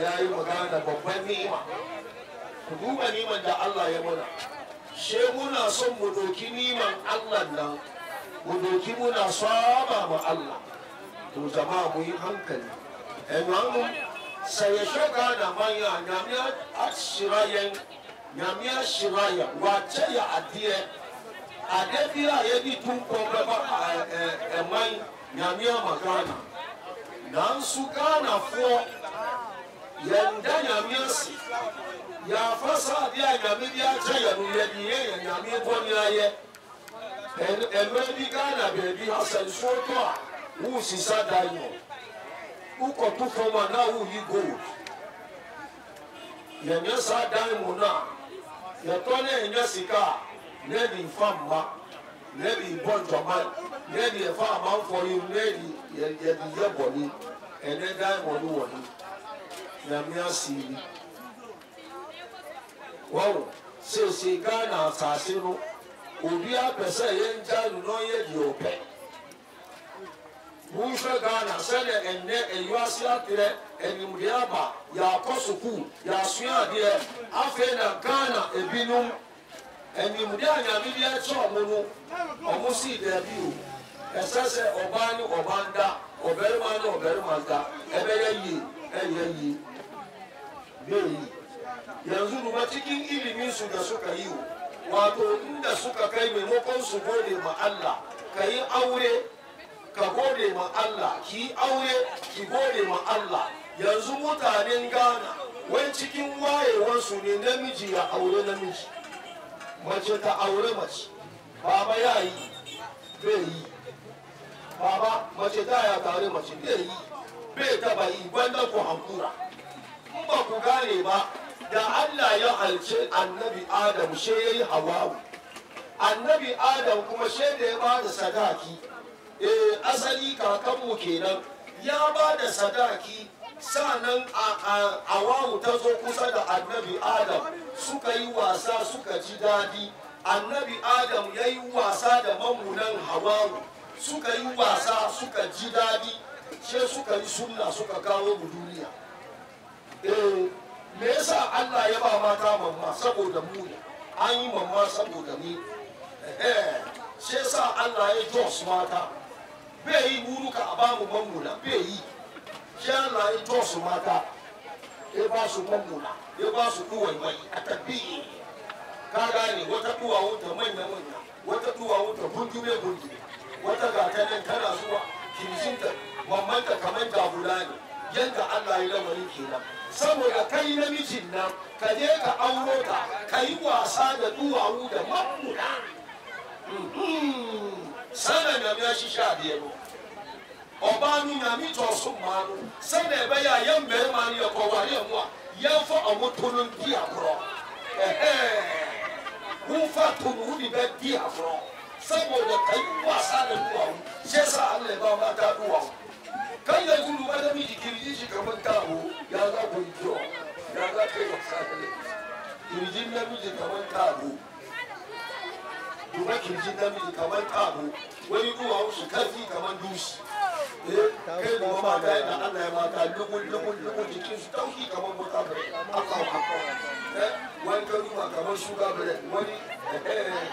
ya yi magana babban ni'ima ku duba niman da Allah ya muna she muna son mu doki niman Allah nan mu doki muna saba ma Allah to jama'a mu yi hankali imamu sai ya shoka na manya nyamiya ashirayen nyamiya shiraya wace ya adiye adebira ya di tun kɔbɛ ba ɛmɛn eh, eh, nyamiya magana na su gana fɔ yɛnda nyame asi yɛafa saa adeɛ a nyame bi akyɛ yɛ no yɛdeyɛ yɛ nyame bɔne ayɛ ɛmmerɛ bi ghana baabi asɛnsoɔ tɔ a woresisa diamond wokɔto fam a na woyi gold yɛnyɛ saa diamond no a yɛtɔ ne ɛnyɛ sika a na ɛde mfa mma na ɛde bɔ ntɔman na ɛde ɛfa amanfoɔ yi na ɛde yɛ bɔne ɛnɛ diamond wɔ he nyame ase yi wɔn sese ghana asase no obi apɛ sɛ yɛn gya no na ɔyɛ deɛ ɔpɛ wohwɛ ghana sɛdeɛ ɛnɛ ɛyɔ ase atrɛ ɛnimdeɛ aba yɛakɔ sukuu yɛasua adeɛ afei na ghana ebinom ɛnimdeɛ a nyame deɛ ɛkyɛ ɔmo no ɔmo sii daabi o ɛsɛ sɛ ɔbaa ne ɔbaa nda ɔbɛrima ne ɔbɛrima nda ɛbɛyɛ yie ɛyɛ yie. bai yanzu duba cikin ilimin su da suka yi wato inda suka kai maimakon su gode ma Allah ka yi aure ka gode ma Allah ki yi aure ki gode ma Allah yanzu mutanen Ghana wai cikin wayewar su ne namiji ya aure namiji mace ta aure mace baba ya yi bai yi baba mace ta ya tare mace bai yi bai taba yi gwanda ku hankura ba ku gane ba da Allah ya halci annabi Adam she ya yi hawawu annabi Adam kuma she da ya bada sadaki eh asali kakanmu kenan ya bada sadaki sanan awawu ta zo kusa da annabi Adam suka yi wasa suka ji daɗi annabi Adam ya yi wasa da mamunan hawawu suka yi wasa suka ji daɗi she suka yi sunna suka kawo mu duniya Eh, me yasa Allah ya ba mata mamma saboda mu ne an yi mamma saboda ni eh shi yasa Allah ya jos mata bai yi buruka a bamu mammuna bai yi shi Allah ya jos mata ya ba su mammuna ya ba su duwaiwai a tabi'i ka gane wata duwawu ta manya manya wata duwawu ta gungume gungume wata nan tana zuwa kirjinta mamanta kamar dabula ne yanka Allah ya lamarin kenan saboda kai namijin nan ka je ka auro ta ka yi wasa da duwawu da makuda mm-hmm. sana nyame ahyehyɛ adeɛ no ɔbaa no nyame tɔ so mmaa no sɛna ɛbɛyɛ a yɛn mmarima no yɛkɔware mu a yɛmfa ɔmo to no di agorɔ womfa to no wode bɛdi agorɔ saboda ka yi wasa da duwawu hyɛ sɛ ana ɛbɛwɔmata duwawu kan ya gudu ba da miji kirji shi kamar tabo ya za ku yi kyau ya za ka yi wasa da laifi kirjin namiji kamar tabo duba kirjin namiji kamar tabo wani duwa su karfi kamar dushi eh, kai duwa ta yana allah ya mata lugun lugun lugun jikin su tauki kamar buka bre allah haka eh, wani ka duba kamar shuga bre wani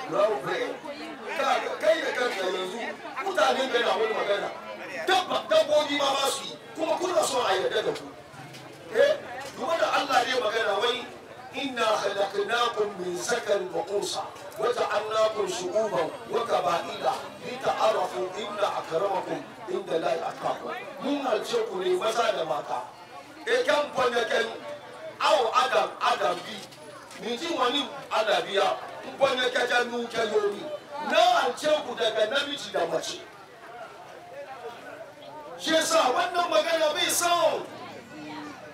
raw eh, bre kai da kanka yanzu mutane kai na wani magana dabbobi ma ba su yi kuma kuna son a yarda da ku eh duba da Allah ne magana wai inna khalaqnakum min zakar wa unsa wa ja'alnakum shu'uban wa qaba'ila lita'arafu inna akramakum inda la atqakum mun halce ku ne maza da mata e kan fanya kan aw adam adam bi ni ji wani adabiya fanya kaja nu kayomi na halce ku daga namiji da mace shi yasa wannan magana bai sau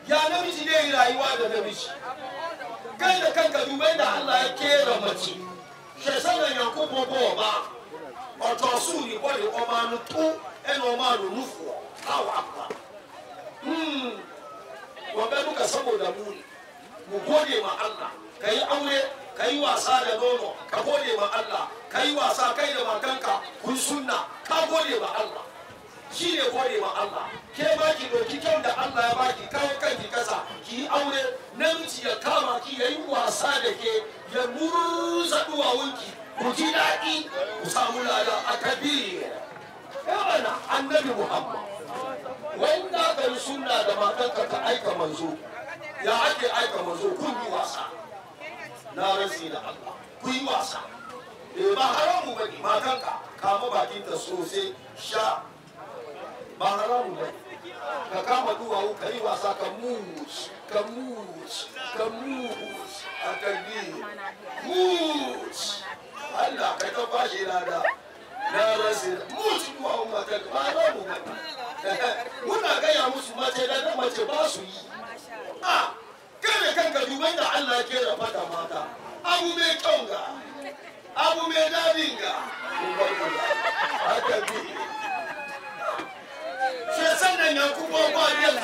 ya namiji ne rayuwa da namiji kai da kanka dubai da Allah ya kera mace shi yasa na yakubu ba ọ̀tọ̀ sùn ní bọ́ọ̀lù ọmọ anu tó ẹnu ọmọ anu nufu awa apa wọn ba duka saboda mu ne mu gode ma Allah ka yi aure ka yi wasa da nono ka gode ma Allah ka yi wasa kai da matanka kun sunna ka gode ma Allah shi ne gode ma Allah ke ba ki doki kyau da Allah ya ba ki kawo kanki kasa ki yi aure namiji ya kama ki ya yi wasa da ke ya murza duwawunki ku ji daɗi ku samu lada a kabiri yawana annabi muhammad wanda ka yi sunna da matanka ka aika manzo ya ake aika manzo kun yi wasa na rantsi da Allah ku yi wasa eh, ba haramu ba ne matanka kama bakinta sosai sha ba haramu ba ka kama duwawu ka yi wasa ka mus ka mus ka mus a tangi mus Allah kai ka bashi lada na rasi mus duwawu mata ba haramu ba muna gaya musu mace da na mace ba su yi a kare kanka dubai da Allah kera pata mata abu mai kyau ga abu mai dadin ga haka biyu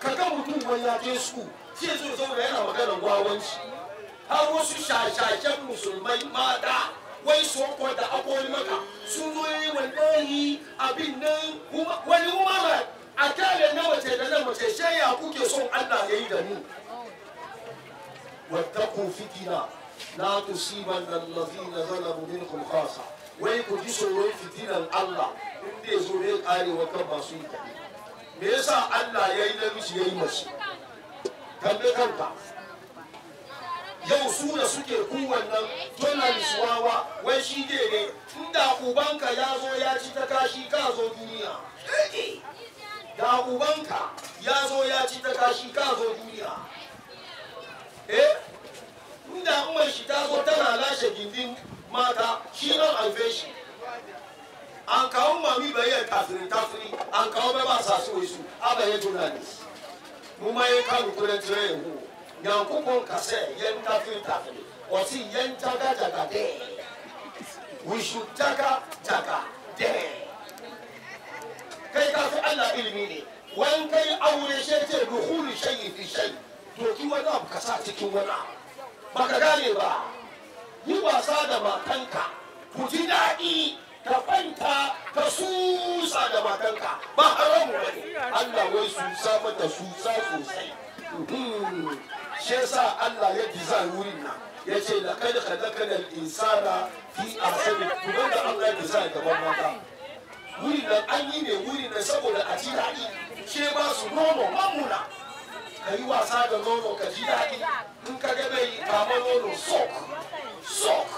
ka ga mutum wai ya je sku shi yanzu zauna yana maganar wawanci har wasu shashashen musulmai mata wai su da akwai maka sun zo yi wallahi abin nan wani umara a tare na mace da nan mace ya kuke son Allah ya yi da mu wattaqu fitina na tusibanna allazina zalamu minkum khasa wai ku ji tsoron fitinan Allah in bai zo ne karewa wa kan masu yi me yasa Allah ya yi namiji ya yi mace kalli kanka yau su da suke kowannan tonan wawa wai shi ne ne inda ubanka ya zo ya ci ta kashi ka zo duniya da ubanka ya zo ya ci ta kashi ka zo duniya eh inda umar shi ta zo tana lashe gindin mata shi nan alfe shi anka wo mami bɛyɛ tafiri tafiri anka wo bɛba asase wɔ su abɛyɛ journalist moma yɛka nokorɛ nkyerɛ yɛ ho nyankopɔn ka sɛ yɛntafiri tafiri ɔse jaga dɛ we should jaga dɛ kai ka fi ana ilimi ne wani kai aure shi ce duhuri yi fi shayi yi ki wani abu ka sa cikin wani abu baka gane ba yi wasa da matanka ku ji daɗi ka kwanta ka susa da matanka ba haramu ba ne Allah wai susa mata susa sosai hmm. shi yasa Allah ya design wurin nan ya ce laqad khalaqana al-insana fi ahsani kuma da Allah ya design gaban mata wurin nan an yi ne wurin nan saboda a ji daɗi she ba su nono mamuna ka yi wasa da nono ka ji daɗi in ka ga bai kama nono sok sok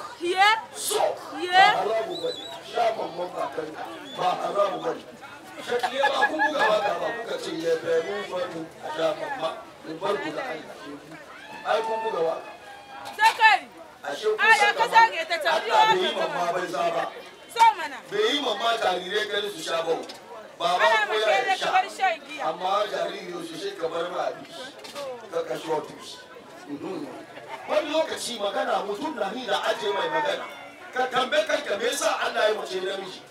sok ba haramu ba ne shagon mafakan ba ba ne ba kun buga waka ba kuka ce ya bari wani a shagon ma in bar ku da ai kun buga waka sakari aya ka zage ta yi mamma bai za ba bai yi mamma jarirai gani su sha bau baba ya sha amma jariri yau shi ka bar ma abi ka kashe wa wani lokaci magana mutum na ni da aje mai magana ka tambe kanka me yasa Allah ya mace namiji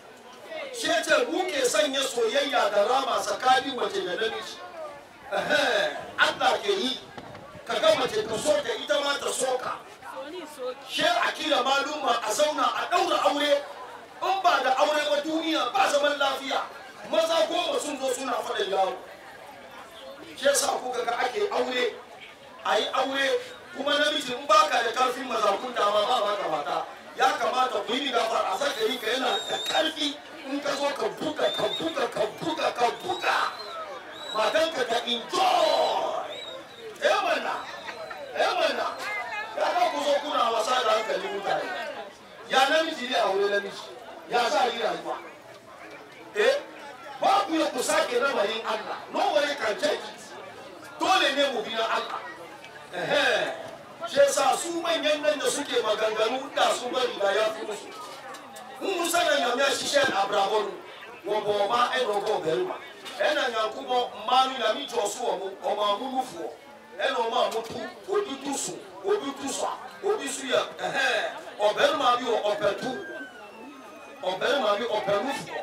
shi ce ke sanya soyayya da rama tsakanin mace da namiji Allah ke yi ka ga mace ka so ita ma ta so ka a akila maluma a zauna a daura aure in ba da aure ba duniya ba zaman lafiya maza goma sun zo suna faɗin yawo shi yasa kuka ga ake aure a yi aure kuma namiji in baka da karfin maza kun dama ba ba ka mata ya kamata ku yi gafar a zakari ka yana da ƙarfi in ka zo ka buga ka buga ka buga ka buga matanka ta enjoy eh mana eh mana ya ka ku zo kuna wasa da hankali mutane ya namiji ne a wuri namiji ya sa yi rayuwa su manyan nan da suke maganganu da su bari da ya fi musu mun sanan nyame ahyehyɛ abrabɔ no wɔbɔ ɔma ɛna ɔbɔ ɔbarima ɛna nyankobɔ mmaa no nyame gyɔ so wɔ mo ɔma amunufoɔ ɛna ɔma amoto obi tu so obi tu so a obi so yɛ ɛhɛn ɔbarima bi wɔ ɔpɛtu ɔbarima bi ɔpɛnufoɔ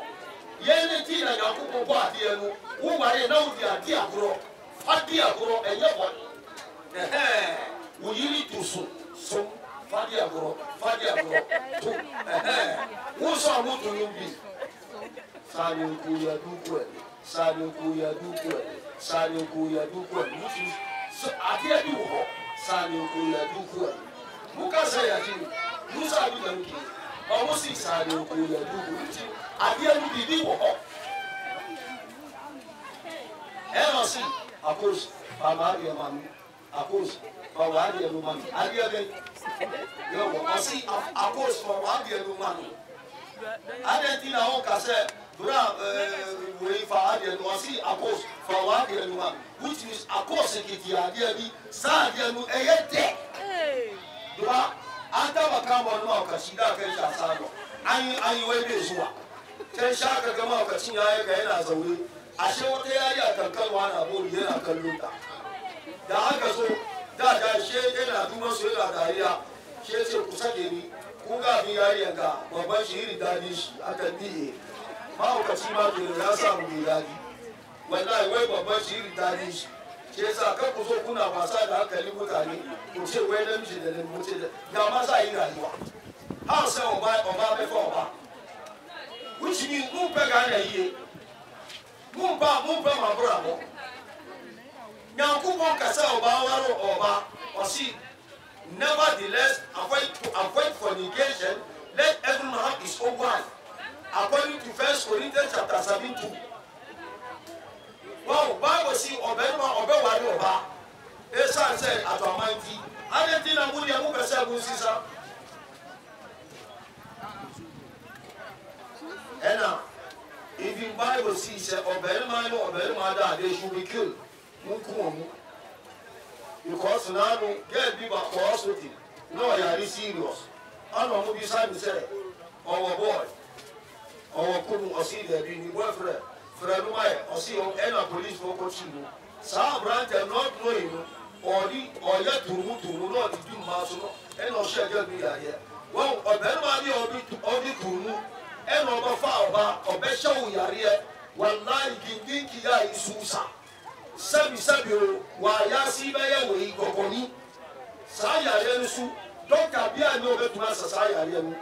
yɛn ne ti na nyankobɔ bɔ adeɛ no woware na wodi ade agorɔ ade agorɔ ɛnyɛ bɔne ɛhɛn o yiri to so so fadi agorɔ fadi agorɔ to ɛhɛn eh, eh. wosan mo to yun bi sani ko yadu kɔɛ sani ko yadu kɔɛ sani ko yadu kɔɛ musu ati yɛ bi wɔ sani ko yadu kɔɛ mo ka sɛ yadu musa bi na nkiri ɔmo si sani ko yadu kɔɛ ati yɛ bi bi wɔ ɛnɔ si akos baba yɛ ma mi. Akos for Wadi Elumanu. Abiodun yóò wọ ọsí Akos for Wadi Elumanu. Adẹ́tí náà wọ́n kà sẹ́ Dura wòye fa Wadi Elumanu ọsí Akos for Wadi Elumanu which means Akos Ekiti Adiẹbi sáà Adiẹnu ẹ̀yẹ tẹ̀. Dura Adaba Kambo náà kà sí dákẹ́ ìjà sáà lọ. Anyi wai bai zuwa. Sai sha ka gama ka cin yaya ka yana zaune. Ashe wata yari a tankalwa na bori yana kallon ta. da aka so da da she yana duban su yana dariya she ce ku sake ni ku ga bi yanka ga babban shirin dadin shi a tambiye mahaukaci ma ke ya samu mai dadi wallahi wai babban shirin dadin shi ke sa kan ku zo kuna wasa da hankalin mutane ku ce wai namiji da namiji da ga ma sa yi rayuwa Har sai o ba on ba bai fa on ba which means mun fa ga na yiye mun ba mun fa ma bura mu nyankopɔn kasa ɔba awaro ɔba ɔsi nevertheless avoid avoid fornication let everyone have his own wife according to first corinthians chapter seven two wɔn baabu si ɔbɛnuma ɔbɛwari ɔba esan sɛ atɔmanti ale ti na mu ni ɛmu bɛ sɛ mu sisan ɛna even bible si sɛ ɔbɛnuma ni ɔbɛnuma da they should be killed mukum mu because naanu girl bi ba kɔ hospital na ɔyare serious ana ɔmo bi sa mi sɛ ɔwɔ boy ɔwɔ kum ɔsi dɛbi ni boyfriend fúnraẹnu báyẹ ọsí yọ ẹnna polisi fún ọkọọsí mu sáà abirante not knowing no ọdí ọyẹ tùrùmù tùrùmù náà dídú màá so no ẹnna ọsí ẹjọ mi yà yẹ wọn ọbẹnu bá ní ọdí tùrùmù ẹnna ọbẹ fà ọba ọbẹ hyẹwò yàrá yẹ wọn náà gidi kìyà ìsúsà sabisabiro wayasibɛyɛ wei gɔgɔni saa yareɛ no so dɔkta bi a ne ɔbɛtumi asa saa yareɛ no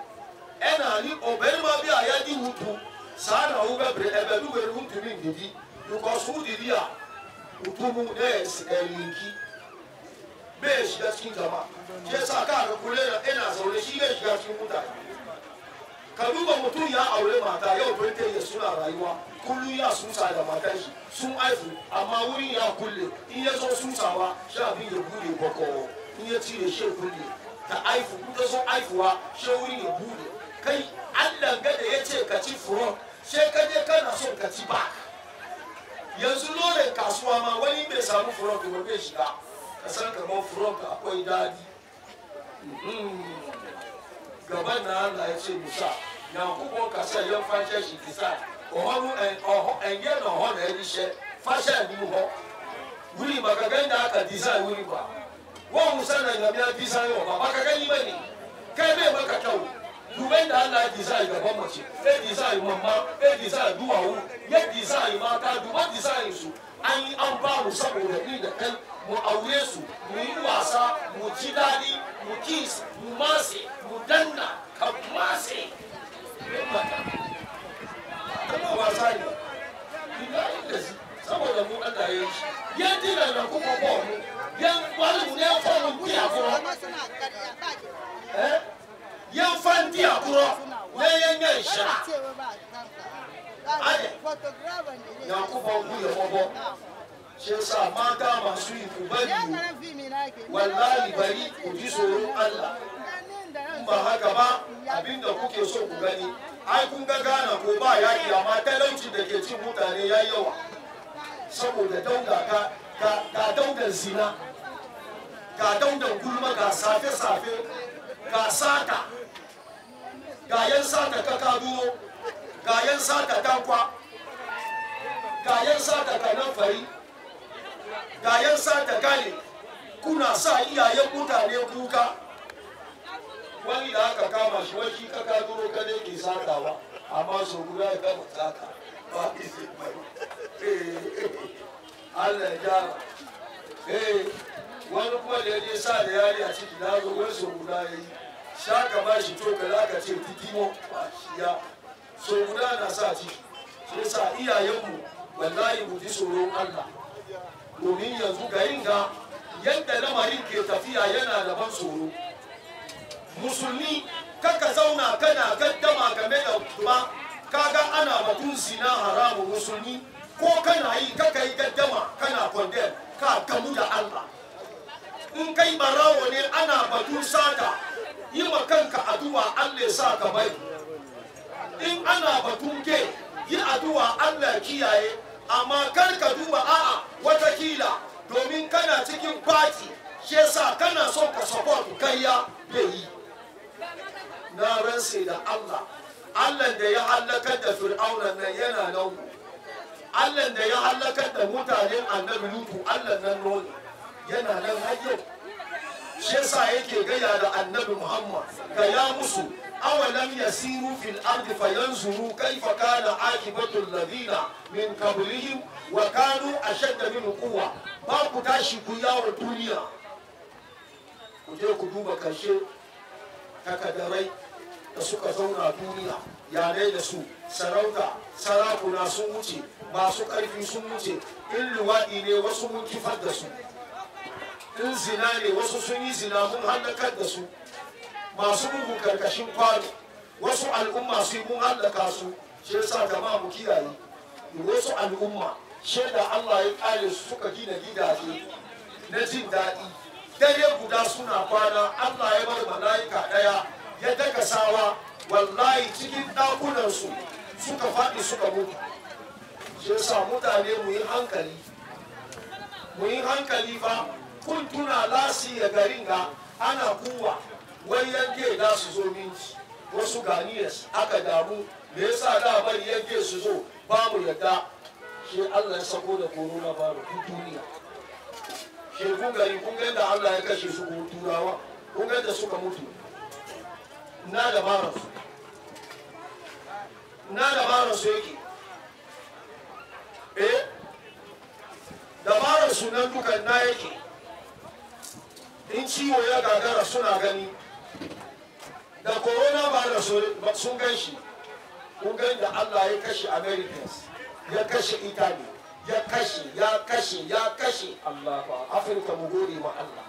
ɛna ne ɔbarima bi a yɛde ho to saa na wobɛbrɛ ɛbɛdu wei no wontumi nnidi because wodidi a wotomu na yɛ sikarinki bɛɛ hyidaski ntama kyɛ sɛ kaa no kore na ɛna asɛ wɔne hyi bɛɛ hyidaski mu tae ka duba mutum ya aure mata yau ta yi suna rayuwa kullum ya susa da matan shi sun aifu amma wurin ya kulle in ya zo susawa sha abin ya bude bako in ya cire shi kulle ta aifu in ta zo aifuwa shi wurin ya bude kai allah gada ya ce ka ci furon sai ka je kana son ka ci ba yanzu lodin kasuwa ma wani bai samu furon ba bai shiga ka san kamar furon akwai dadi hmm. gaba na ala ɛhyɛ mu sa nyankopɔn kasa yɛmfa hyɛ hyi kisa ɔhɔ no ɔhɔ ɛnyɛ na ɔhɔ na ɛni hyɛ fa hyɛ anim hɔ wuli ma kaka na aka design wuli ma wɔn musa na nyamia design wɔ ma ma kaka yi ma ni kɛmɛ ma kaka o dubɛ na ala design gaba ma e design mama e design duwawu yɛ design ma ka duba design so anyi an ba musa wɔ na ni da mu aure su mu yi wasa mu ji daɗi mu kis mu mase mu danna ka masi kana wasa ne ina inda shi saboda mu Allah ya shi ya dina na kuma ba mu ya wani mu ne fa mu biya kuma eh ya fan biya kuma ne ya yan shara ade na kuma mu ya bobo shi yasa mata masu yi ku bari wallahi bari ku ji tsoron Allah ba haka ba abinda kuke so ku gani ai kun ga gana ko ba yaki amma talauci da ke cin mutane ya yawa saboda dauda ka ka daudan zina ka daudan gulma ga safe-safe ga sata ga yan sata ka kaduro ga yan sata tankwa ga yan sata ka nan fari ga yan sata gane kuna sa iyayen mutane kuka wani da aka kama shi wani ka ka duro ka ne ke satawa amma so guda ya gama sata ba isi mai eh, Allah ya gyara eh, wani kuma da ya sa da yari a ciki da zo wani so guda ya yi shaka ba shi to ka ka ce titimo ba shi ya so guda na sa ciki sai sa iyayenmu wallahi mu ji tsoron Allah domin yanzu yin ga yadda lamarin ke tafiya yana da ban tsoro musulmi kaka zauna kana gaddama game da kuma kaga ana batun zina haramu musulmi ko kana yi kaka yi gaddama kana condemn ka kamu da Allah in kai barawo ne ana batun sata yi ma kanka addu'a Allah ya sa ka bai in ana batun ke yi addu'a Allah kiyaye amma kar ka duba a'a watakila domin kana cikin baki shi yasa kana son ka support kayya bai yi na ransa da Allah Allah da ya halakar da fir'auna nan yana nan Allah da ya halakar da mutanen annabi lutu Allah nan noni yana nan har yau shi yasa yake gaya da annabi Muhammad ga ya musu أولم يسيروا في الأرض فينظروا كيف كان عاقبة min من قبلهم وكانوا أشد منه قوة باب تاشي كياو الدنيا kuje ku duba karshe takadarai da suka zauna duniya yanai da su sarauta sarakuna sun wuce masu ƙarfi sun wuce in luwaɗi ne wasu mun kifar da su in zina ne wasu sun yi zina mun hannakar da su masu bugu karkashin kwano wasu al'umma suyi mun hallaka su shi yasa jama'a mu kiyaye wasu al'umma da Allah ya kare su suka gina gidaje na jin daɗi dare guda suna kwana Allah ya bar mala'ika ɗaya ya daga sawa wallahi cikin su suka faɗi suka mutu shi yasa mutane mu yi hankali mu yi hankali fa kun tuna lasi ya garin ga ana kuwa wai yanke da su zo minti wasu ganiyas aka damu me yasa da bari yanke su zo ba mu yadda shi Allah ya sako da corona virus duk duniya shi kun gari kun ga Allah ya kashe su ko turawa kun ga da suka mutu na da virus na da su yake eh dabarar sunan duka na yake in ciwo ya gagara suna gani corona virus sun gan shi kun gan da Allah ya kashe Americans ya kashe Italy ya kashe ya kashe ya kashe Afirka mu gode ma Allah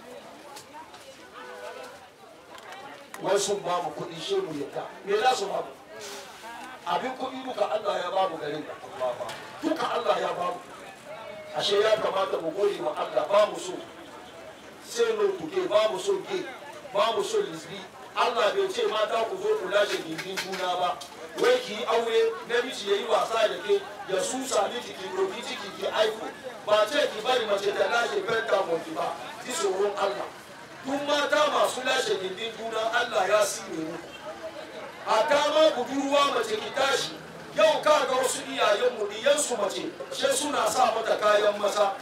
wai sun ba mu kuɗi shi mu yadda me za su ba mu abin kuɗi duka Allah ya ba mu garin da duka Allah ya ba mu ashe ya kamata mu gode ma Allah ba mu so sai no to ba mu so ke, ba mu so lisbi. Allah bai ce mata ku zo ku lashe gindin juna ba wai ki yi aure namiji ya yi wasa da ke ya susa miki ki ɗauki ciki ki aiko ba ce ki bari mace ta lashe pentamon ki ba ki tsoron Allah duk mata masu lashe gindin juna Allah ya sire mu a ma budurwa mace ki tashi yau ka ga wasu iyayenmu iyansu mace sai suna sa mata kayan masa.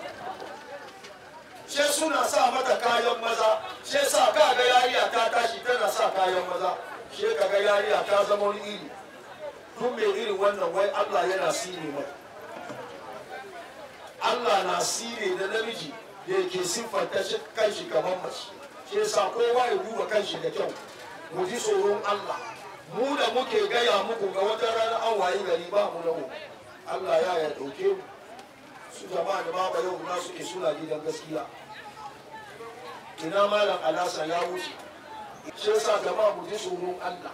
she suna sa mata kayan maza she sa kaga yariya ta tashi tana sa kayan maza she kaga yariya ta zama wani iri tun mai irin wannan wai Allah yana sire mai Allah na sire da namiji da yake siffanta kanshi kamar mace she sa kowa ya duba kanshi da kyau mu ji tsoron Allah mu da muke gaya muku ga wata ranar an wayi gari ba mu da Allah ya ya dauke mu su jama'a da baba yau na suke suna gidan gaskiya ina malam alasa ya wuce shi yasa jama'a mu ji tsoron Allah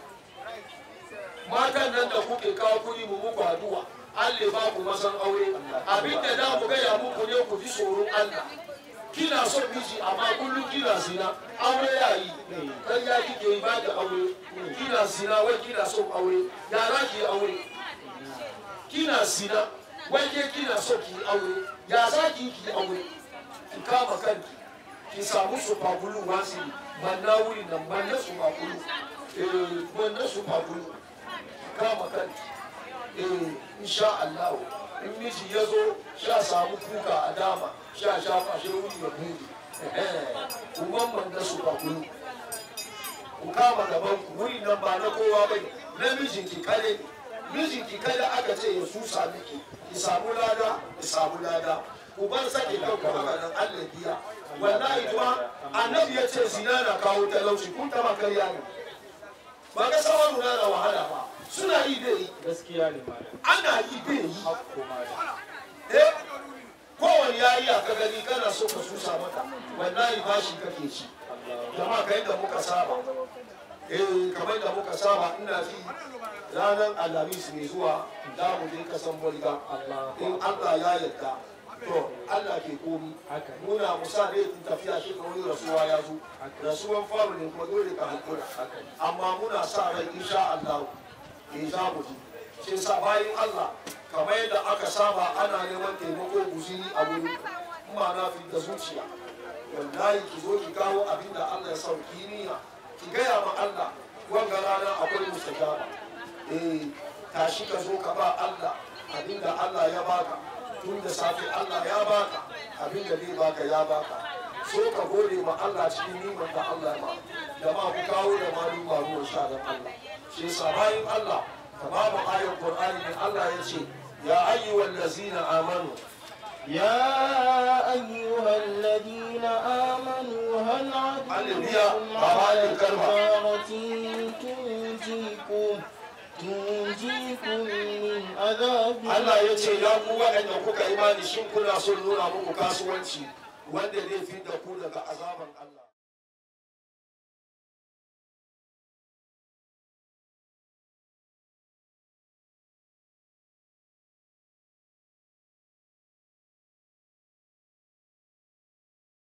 matan nan da kuke kawo kuɗi mu muku addu'a Allah ba ku masan aure abinda da mu gaya muku ne ku ji tsoron Allah kina son miji amma kullum kina zina aure ya yi kan ya kike yi ba da aure kina zina wai kina son aure yara ki aure kina zina wanda kina so ki aure ya za ki ki aure ki kama kanki ki samu su fagulu wasu manna wuri nan manna su fagulu eh, manna su Ki kama kanki eh, insha Allah in miji ya zo sha samu kuka a dama sha sha fashe wuri ya buɗe kuman manna su fagulu ku kama gaban ku wuri nan ba na kowa bane namijin ki kare ne mijinki kada aka ce ya susa miki ki samu lada ki samu lada ku bar sake kan ku haka Allah biya wallahi kuma annabi ya ce zina na kawo talauci kun taba karya ne ba ga sawaru na da wahala ba suna yi yi gaskiya ne ana yi da yi eh kowane yi a ka gani kana so ka susa mata wallahi bashi kake ci jama'a kai da muka saba eh kamar da muka saba ina ji ranar alhamis mai zuwa za mu je kasan bolga in allah ya yarda to allah ke komi muna musa ne tun tafiya shi ka wani rasuwa ya zo rasuwan faru ne kuma dole ka hankula amma muna sa rai insha allah in eh, za mu ji shi sa bayan allah kamar yadda aka saba ana neman taimako guziri a wuri, kuma na fi da zuciya wallahi ki zo ki kawo abin da allah ya sauki niyya ki gaya ma Allah wanga rana akwai mustajaba eh tashi ka zo ka ba Allah abinda Allah ya baka tun da safe Allah ya baka abinda zai baka ya baka so ka gode ma Allah cikin niman da Allah ma da ma ku kawo da ma ruwan sha da Allah shi yasa bayan Allah tamamu ayan Qur'ani Allah ya ce ya ayyuhal ladzina amanu يا أيها الذين آمنوا هل عدلكم على كفارة تنجيكم tunjikun min azabi Allah ya ce ya ku waɗanda kuka imani shin kuna son nuna muku kasuwanci wanda zai fi da ku daga azaban Allah